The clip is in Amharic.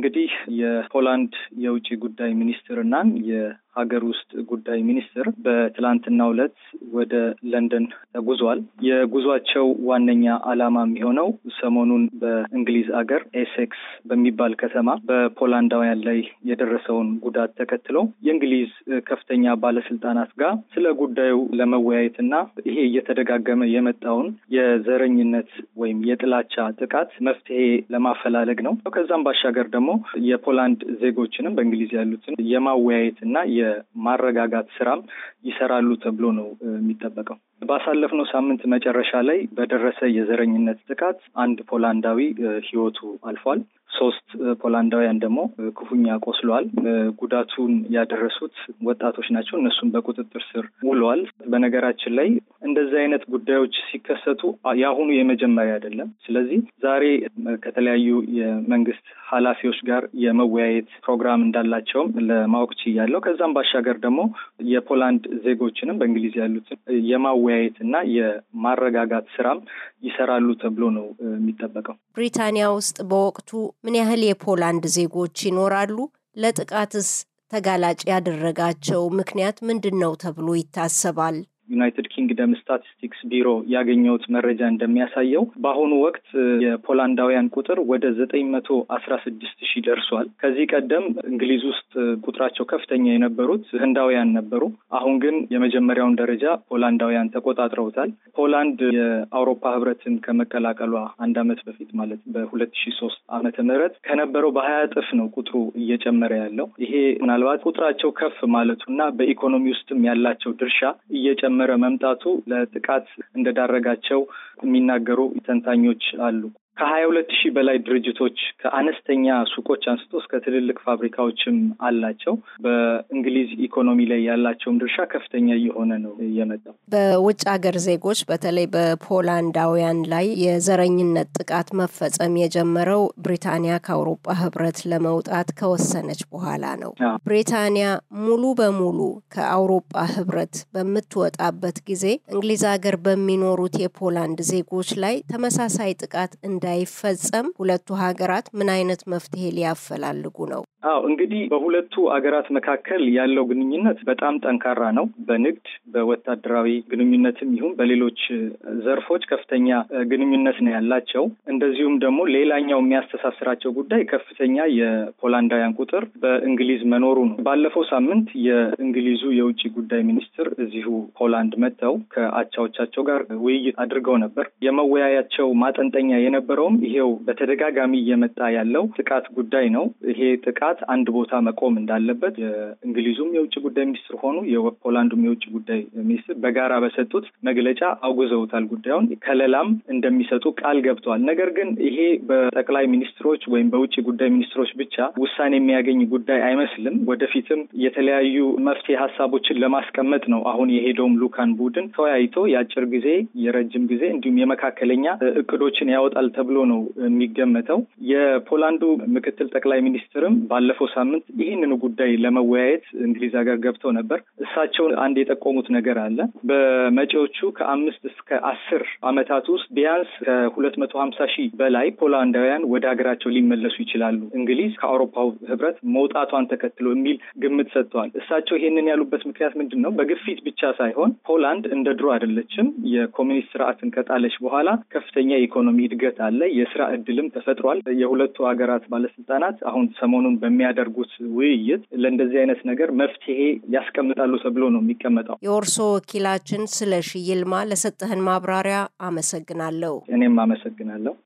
እንግዲህ የፖላንድ የውጭ ጉዳይ ሚኒስትርና ሀገር ውስጥ ጉዳይ ሚኒስትር በትላንትናው ዕለት ወደ ለንደን ተጉዟል። የጉዟቸው ዋነኛ ዓላማ የሚሆነው ሰሞኑን በእንግሊዝ አገር ኤሴክስ በሚባል ከተማ በፖላንዳውያን ላይ የደረሰውን ጉዳት ተከትሎ የእንግሊዝ ከፍተኛ ባለስልጣናት ጋር ስለ ጉዳዩ ለመወያየትና ይሄ እየተደጋገመ የመጣውን የዘረኝነት ወይም የጥላቻ ጥቃት መፍትሄ ለማፈላለግ ነው። ከዛም ባሻገር ደግሞ የፖላንድ ዜጎችንም በእንግሊዝ ያሉትን የማወያየትና የማረጋጋት ስራም ይሰራሉ ተብሎ ነው የሚጠበቀው። ባሳለፍነው ሳምንት መጨረሻ ላይ በደረሰ የዘረኝነት ጥቃት አንድ ፖላንዳዊ ህይወቱ አልፏል። ሶስት ፖላንዳውያን ደግሞ ክፉኛ ቆስለዋል። ጉዳቱን ያደረሱት ወጣቶች ናቸው። እነሱም በቁጥጥር ስር ውለዋል። በነገራችን ላይ እንደዚህ አይነት ጉዳዮች ሲከሰቱ የአሁኑ የመጀመሪያ አይደለም። ስለዚህ ዛሬ ከተለያዩ የመንግስት ኃላፊዎች ጋር የመወያየት ፕሮግራም እንዳላቸውም ለማወቅ ችያለሁ። ከዛም ባሻገር ደግሞ የፖላንድ ዜጎችንም በእንግሊዝ ያሉትን የማወያየት እና የማረጋጋት ስራም ይሰራሉ ተብሎ ነው የሚጠበቀው። ብሪታንያ ውስጥ በወቅቱ ምን ያህል የፖላንድ ዜጎች ይኖራሉ? ለጥቃትስ ተጋላጭ ያደረጋቸው ምክንያት ምንድን ነው ተብሎ ይታሰባል? ዩናይትድ ኪንግደም ስታቲስቲክስ ቢሮ ያገኘሁት መረጃ እንደሚያሳየው በአሁኑ ወቅት የፖላንዳውያን ቁጥር ወደ ዘጠኝ መቶ አስራ ስድስት ሺህ ደርሷል። ከዚህ ቀደም እንግሊዝ ውስጥ ቁጥራቸው ከፍተኛ የነበሩት ህንዳውያን ነበሩ። አሁን ግን የመጀመሪያውን ደረጃ ፖላንዳውያን ተቆጣጥረውታል። ፖላንድ የአውሮፓ ህብረትን ከመቀላቀሏ አንድ አመት በፊት ማለት በሁለት ሺ ሶስት አመተ ምህረት ከነበረው በሀያ እጥፍ ነው ቁጥሩ እየጨመረ ያለው። ይሄ ምናልባት ቁጥራቸው ከፍ ማለቱና በኢኮኖሚ ውስጥም ያላቸው ድርሻ እየጨመ እየጨመረ መምጣቱ ለጥቃት እንደዳረጋቸው የሚናገሩ ተንታኞች አሉ። ከሀያ ሁለት ሺህ በላይ ድርጅቶች ከአነስተኛ ሱቆች አንስቶ እስከ ትልልቅ ፋብሪካዎችም አላቸው። በእንግሊዝ ኢኮኖሚ ላይ ያላቸውም ድርሻ ከፍተኛ እየሆነ ነው የመጣው። በውጭ ሀገር ዜጎች በተለይ በፖላንዳውያን ላይ የዘረኝነት ጥቃት መፈጸም የጀመረው ብሪታንያ ከአውሮፓ ህብረት ለመውጣት ከወሰነች በኋላ ነው። ብሪታንያ ሙሉ በሙሉ ከአውሮፓ ህብረት በምትወጣበት ጊዜ እንግሊዝ ሀገር በሚኖሩት የፖላንድ ዜጎች ላይ ተመሳሳይ ጥቃት እንደ እንዳይፈጸም ሁለቱ ሀገራት ምን አይነት መፍትሄ ሊያፈላልጉ ነው? አዎ እንግዲህ በሁለቱ አገራት መካከል ያለው ግንኙነት በጣም ጠንካራ ነው። በንግድ በወታደራዊ ግንኙነትም ይሁን በሌሎች ዘርፎች ከፍተኛ ግንኙነት ነው ያላቸው። እንደዚሁም ደግሞ ሌላኛው የሚያስተሳስራቸው ጉዳይ ከፍተኛ የፖላንዳውያን ቁጥር በእንግሊዝ መኖሩ ነው። ባለፈው ሳምንት የእንግሊዙ የውጭ ጉዳይ ሚኒስትር እዚሁ ፖላንድ መጥተው ከአቻዎቻቸው ጋር ውይይት አድርገው ነበር። የመወያያቸው ማጠንጠኛ የነበረውም ይሄው በተደጋጋሚ እየመጣ ያለው ጥቃት ጉዳይ ነው። ይሄ ጥቃት ሰዓት አንድ ቦታ መቆም እንዳለበት የእንግሊዙም የውጭ ጉዳይ ሚኒስትር ሆኑ የፖላንዱም የውጭ ጉዳይ ሚኒስትር በጋራ በሰጡት መግለጫ አውግዘውታል። ጉዳዩን ከለላም እንደሚሰጡ ቃል ገብተዋል። ነገር ግን ይሄ በጠቅላይ ሚኒስትሮች ወይም በውጭ ጉዳይ ሚኒስትሮች ብቻ ውሳኔ የሚያገኝ ጉዳይ አይመስልም። ወደፊትም የተለያዩ መፍትሄ ሀሳቦችን ለማስቀመጥ ነው አሁን የሄደውም ሉካን ቡድን ተወያይቶ የአጭር ጊዜ፣ የረጅም ጊዜ እንዲሁም የመካከለኛ እቅዶችን ያወጣል ተብሎ ነው የሚገመተው። የፖላንዱ ምክትል ጠቅላይ ሚኒስትርም ባለፈው ሳምንት ይህንኑ ጉዳይ ለመወያየት እንግሊዝ ሀገር ገብተው ነበር። እሳቸው አንድ የጠቆሙት ነገር አለ። በመጪዎቹ ከአምስት እስከ አስር ዓመታት ውስጥ ቢያንስ ከሁለት መቶ ሀምሳ ሺህ በላይ ፖላንዳውያን ወደ ሀገራቸው ሊመለሱ ይችላሉ እንግሊዝ ከአውሮፓው ህብረት መውጣቷን ተከትሎ የሚል ግምት ሰጥተዋል። እሳቸው ይህንን ያሉበት ምክንያት ምንድን ነው? በግፊት ብቻ ሳይሆን ፖላንድ እንደ ድሮ አይደለችም። የኮሚኒስት ስርዓትን ከጣለች በኋላ ከፍተኛ የኢኮኖሚ እድገት አለ። የስራ እድልም ተፈጥሯል። የሁለቱ ሀገራት ባለስልጣናት አሁን ሰሞኑን በ በሚያደርጉት ውይይት ለእንደዚህ አይነት ነገር መፍትሄ ያስቀምጣሉ ተብሎ ነው የሚቀመጠው። የኦርሶ ወኪላችን ስለሺ ይልማ ለሰጠህን ማብራሪያ አመሰግናለሁ። እኔም አመሰግናለሁ።